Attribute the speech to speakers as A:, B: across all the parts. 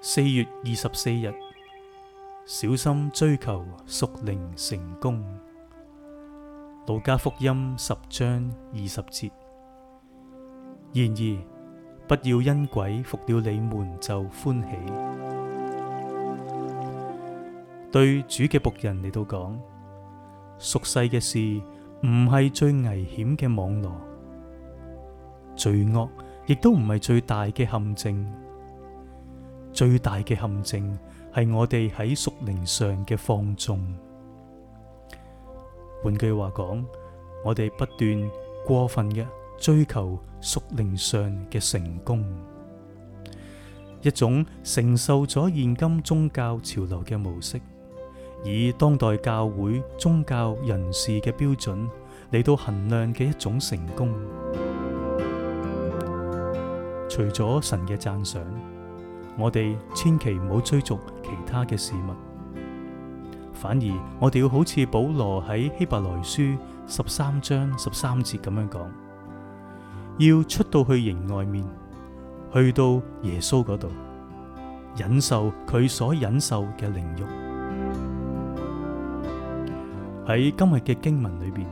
A: 四月二十四日，小心追求屬靈成功。路加福音十章二十節。然而，不要因鬼服了你們就歡喜。對主嘅僕人嚟到講，屬世嘅事唔係最危險嘅網羅，罪惡，亦都唔係最大嘅陷阱，最大嘅陷阱係我哋喺屬靈上嘅放縱。換句話講，我哋不斷過分嘅追求屬靈上嘅成功，一種承受咗現今宗教潮流嘅模式，以當代教會宗教人士嘅標準嚟到衡量嘅一種成功。除咗神嘅讚賞，我哋千祈唔好追逐其他嘅事物，反而我哋要好似保羅喺希伯來書十三章十三節咁樣講，要出到去營外面，去到耶穌嗰度，忍受佢所忍受嘅凌辱。喺今日嘅經文裏邊，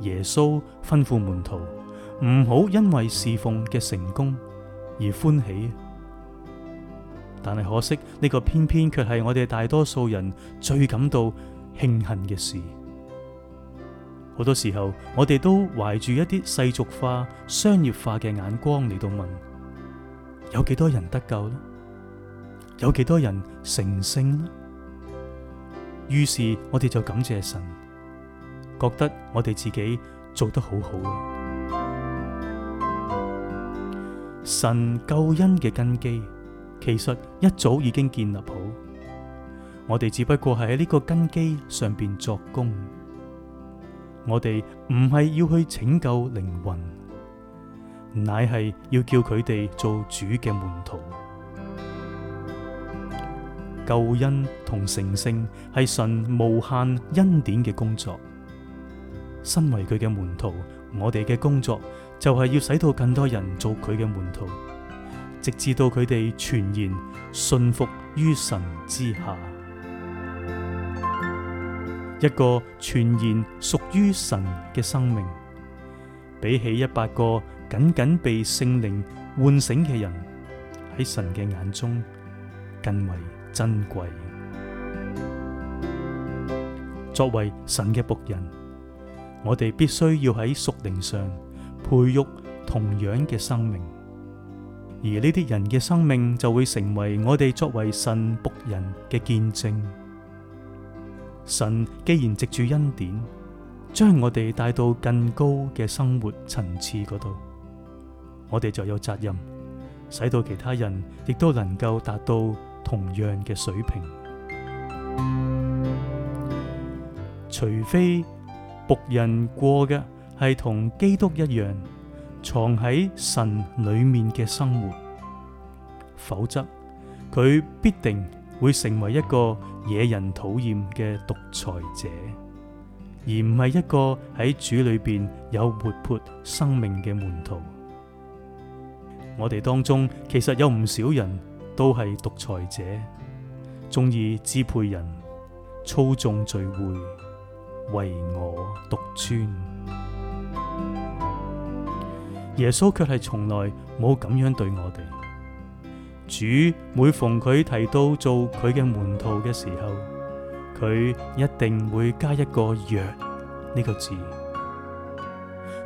A: 耶穌吩咐門徒。唔好因為侍奉嘅成功而歡喜，但係可惜呢個偏偏却係我哋大多數人最感到慶幸嘅事。好多時候我哋都懷住一啲世俗化、商業化嘅眼光嚟到問：有幾多人得救呢？有幾多人成聖呢？於是我哋就感謝神，覺得我哋自己做得好好。神救恩嘅根基，其實一早已經建立好。我哋只不過係喺呢個根基上邊作工。我哋唔係要去拯救靈魂，乃係要叫佢哋做主嘅門徒。救恩同成聖係神無限恩典嘅工作。身為佢嘅門徒，我哋嘅工作。就係要使到更多人做佢嘅門徒，直至到佢哋全然信服於神之下。一個全然屬於神嘅生命，比起一百個僅僅被聖靈喚醒嘅人，喺神嘅眼中更為珍貴。作為神嘅僕人，我哋必須要喺屬靈上。培育同樣嘅生命，而呢啲人嘅生命就會成為我哋作為神僕人嘅見證。神既然藉住恩典，將我哋帶到更高嘅生活層次嗰度，我哋就有責任使到其他人亦都能夠達到同樣嘅水平，除非僕人過嘅係同基督一樣藏喺神裏面嘅生活，否則佢必定會成為一個惹人討厭嘅獨裁者，而唔係一個喺主裏邊有活潑生命嘅門徒。我哋當中其實有唔少人都係獨裁者，中意支配人、操縱聚會，為我獨尊。耶穌卻係從來冇咁樣對我哋。主每逢佢提到做佢嘅門徒嘅時候，佢一定會加一個若呢個字。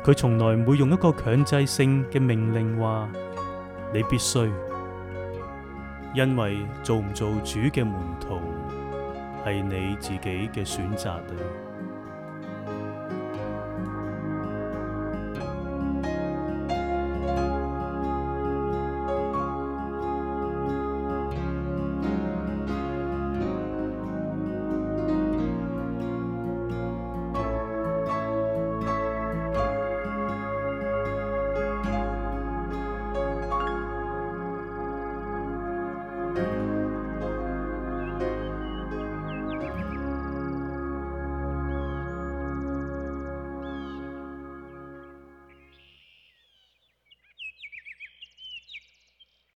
A: 佢從來唔會用一個強制性嘅命令話你必須，因為做唔做主嘅門徒係你自己嘅選擇。